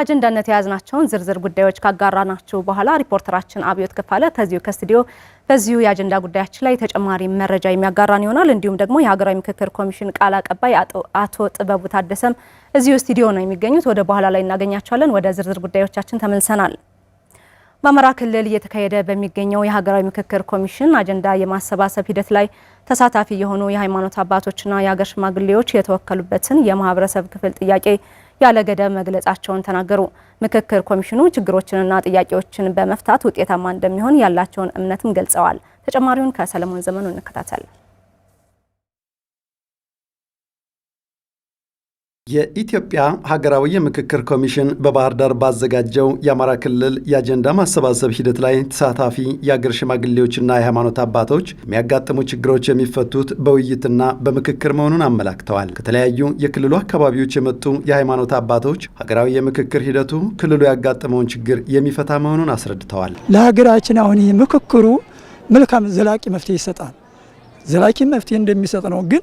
አጀንዳነት የያዝናቸውን ዝርዝር ጉዳዮች ካጋራናችሁ በኋላ ሪፖርተራችን አብዮት ከፋለ ከዚሁ ከስቱዲዮ በዚሁ የአጀንዳ ጉዳያችን ላይ ተጨማሪ መረጃ የሚያጋራን ይሆናል። እንዲሁም ደግሞ የሀገራዊ ምክክር ኮሚሽን ቃል አቀባይ አቶ ጥበቡ ታደሰም እዚሁ ስቱዲዮ ነው የሚገኙት። ወደ በኋላ ላይ እናገኛቸዋለን። ወደ ዝርዝር ጉዳዮቻችን ተመልሰናል። በአማራ ክልል እየተካሄደ በሚገኘው የሀገራዊ ምክክር ኮሚሽን አጀንዳ የማሰባሰብ ሂደት ላይ ተሳታፊ የሆኑ የሃይማኖት አባቶችና የሀገር ሽማግሌዎች የተወከሉበትን የማህበረሰብ ክፍል ጥያቄ ያለ ገደብ መግለጻቸውን ተናገሩ። ምክክር ኮሚሽኑ ችግሮችንና ጥያቄዎችን በመፍታት ውጤታማ እንደሚሆን ያላቸውን እምነትም ገልጸዋል። ተጨማሪውን ከሰለሞን ዘመኑ እንከታተል። የኢትዮጵያ ሀገራዊ የምክክር ኮሚሽን በባህር ዳር ባዘጋጀው የአማራ ክልል የአጀንዳ ማሰባሰብ ሂደት ላይ ተሳታፊ የአገር ሽማግሌዎችና የሃይማኖት አባቶች የሚያጋጥሙ ችግሮች የሚፈቱት በውይይትና በምክክር መሆኑን አመላክተዋል። ከተለያዩ የክልሉ አካባቢዎች የመጡ የሃይማኖት አባቶች ሀገራዊ የምክክር ሂደቱ ክልሉ ያጋጠመውን ችግር የሚፈታ መሆኑን አስረድተዋል። ለሀገራችን አሁን ምክክሩ መልካም ዘላቂ መፍትሄ ይሰጣል። ዘላቂ መፍትሄ እንደሚሰጥ ነው ግን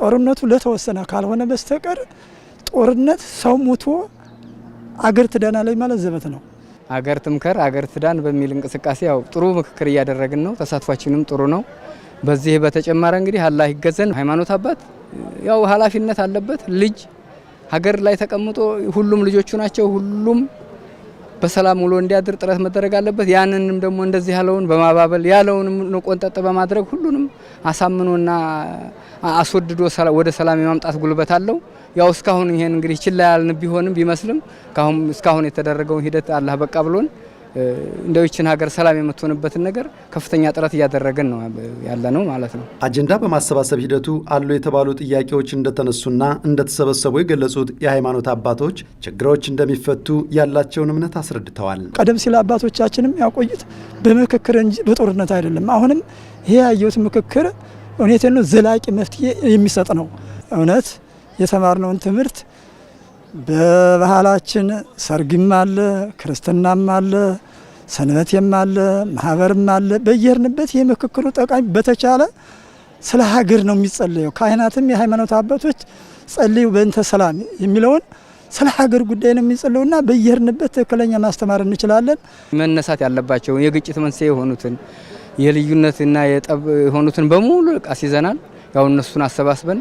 ጦርነቱ ለተወሰነ ካልሆነ በስተቀር ጦርነት ሰው ሞቶ አገር ትዳናለች ማለት ዘበት ነው። አገር ትምከር አገር ትዳን በሚል እንቅስቃሴ ያው ጥሩ ምክክር እያደረግን ነው። ተሳትፏችንም ጥሩ ነው። በዚህ በተጨማረ እንግዲህ አላህ ይገዘን። ሃይማኖት አባት ያው ኃላፊነት አለበት። ልጅ ሀገር ላይ ተቀምጦ ሁሉም ልጆቹ ናቸው። ሁሉም በሰላም ውሎ እንዲያድር ጥረት መደረግ አለበት። ያንንም ደግሞ እንደዚህ ያለውን በማባበል ያለውንም ቆንጠጥ በማድረግ ሁሉንም አሳምኖና አስወድዶ ወደ ሰላም የማምጣት ጉልበት አለው። ያው እስካሁን ይሄን እንግዲህ ችላ ያልን ቢሆንም ቢመስልም ካሁን እስካሁን የተደረገውን ሂደት አላህ በቃ ብሎን እንደው ሀገር ሰላም የምትሆንበትን ነገር ከፍተኛ ጥረት እያደረገን ነው ያለ ነው ማለት ነው። አጀንዳ በማሰባሰብ ሂደቱ አሉ የተባሉ ጥያቄዎች እንደተነሱና እንደተሰበሰቡ የገለጹት የሃይማኖት አባቶች ችግሮች እንደሚፈቱ ያላቸውን እምነት አስረድተዋል። ቀደም ሲል አባቶቻችንም ያቆዩት በምክክር እንጂ በጦርነት አይደለም። አሁንም ይሄ ያየሁት ምክክር እውነቴን ነው ዘላቂ መፍትሄ የሚሰጥ ነው እውነት የተማርነውን ትምህርት በባህላችን ሰርግም አለ፣ ክርስትናም አለ፣ ሰንበቴም አለ፣ ማህበርም አለ። በየርንበት ይህ ምክክሩ ጠቃሚ በተቻለ ስለ ሀገር ነው የሚጸለየው። ካህናትም የሃይማኖት አባቶች ጸልዩ በእንተ ሰላም የሚለውን ስለ ሀገር ጉዳይ ነው የሚጸለውና በየርንበት ትክክለኛ ማስተማር እንችላለን። መነሳት ያለባቸው የግጭት መንስኤ የሆኑትን የልዩነትና የጠብ የሆኑትን በሙሉ ቃስ ይዘናል። ያው እነሱን አሰባስበን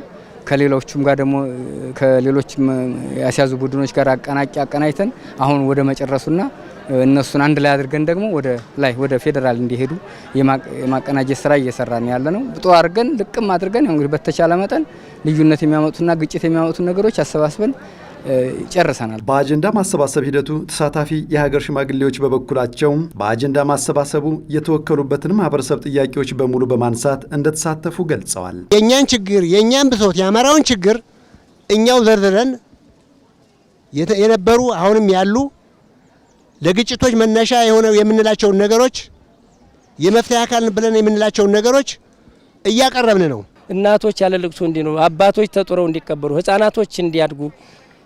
ከሌሎቹም ጋር ደግሞ ከሌሎችም ያስያዙ ቡድኖች ጋር አቀናቂ አቀናጅተን አሁን ወደ መጨረሱና እነሱን አንድ ላይ አድርገን ደግሞ ወደ ላይ ወደ ፌዴራል እንዲሄዱ የማቀናጀት ስራ እየሰራን ያለ ነው። ብጦ አድርገን ልቅም አድርገን እንግዲህ በተቻለ መጠን ልዩነት የሚያመጡና ግጭት የሚያመጡ ነገሮች አሰባስበን ጨርሰናል። በአጀንዳ ማሰባሰብ ሂደቱ ተሳታፊ የሀገር ሽማግሌዎች በበኩላቸው በአጀንዳ ማሰባሰቡ የተወከሉበትን ማህበረሰብ ጥያቄዎች በሙሉ በማንሳት እንደተሳተፉ ገልጸዋል። የእኛን ችግር የእኛን ብሶት የአማራውን ችግር እኛው ዘርዝረን የነበሩ አሁንም ያሉ ለግጭቶች መነሻ የሆነው የምንላቸውን ነገሮች የመፍትሄ አካል ብለን የምንላቸውን ነገሮች እያቀረብን ነው። እናቶች ያለ ልቅሶ እንዲኖሩ፣ አባቶች ተጦረው እንዲቀበሩ፣ ህጻናቶች እንዲያድጉ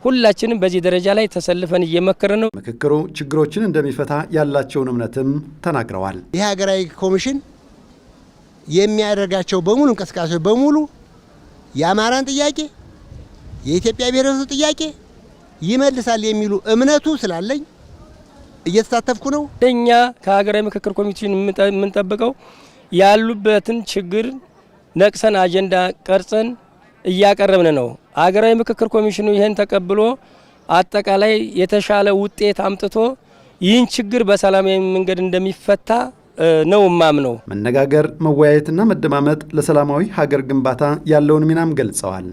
ሁላችንም በዚህ ደረጃ ላይ ተሰልፈን እየመከረ ነው። ምክክሩ ችግሮችን እንደሚፈታ ያላቸውን እምነትም ተናግረዋል። ይህ ሀገራዊ ኮሚሽን የሚያደርጋቸው በሙሉ እንቅስቃሴዎች በሙሉ የአማራን ጥያቄ የኢትዮጵያ ብሔረሰብ ጥያቄ ይመልሳል የሚሉ እምነቱ ስላለኝ እየተሳተፍኩ ነው። እኛ ከሀገራዊ ምክክር ኮሚሽን የምንጠብቀው ያሉበትን ችግር ነቅሰን አጀንዳ ቀርጸን እያቀረብን ነው። ሀገራዊ ምክክር ኮሚሽኑ ይህን ተቀብሎ አጠቃላይ የተሻለ ውጤት አምጥቶ ይህን ችግር በሰላማዊ መንገድ እንደሚፈታ ነው ማም ነው። መነጋገር መወያየትና መደማመጥ ለሰላማዊ ሀገር ግንባታ ያለውን ሚናም ገልጸዋል።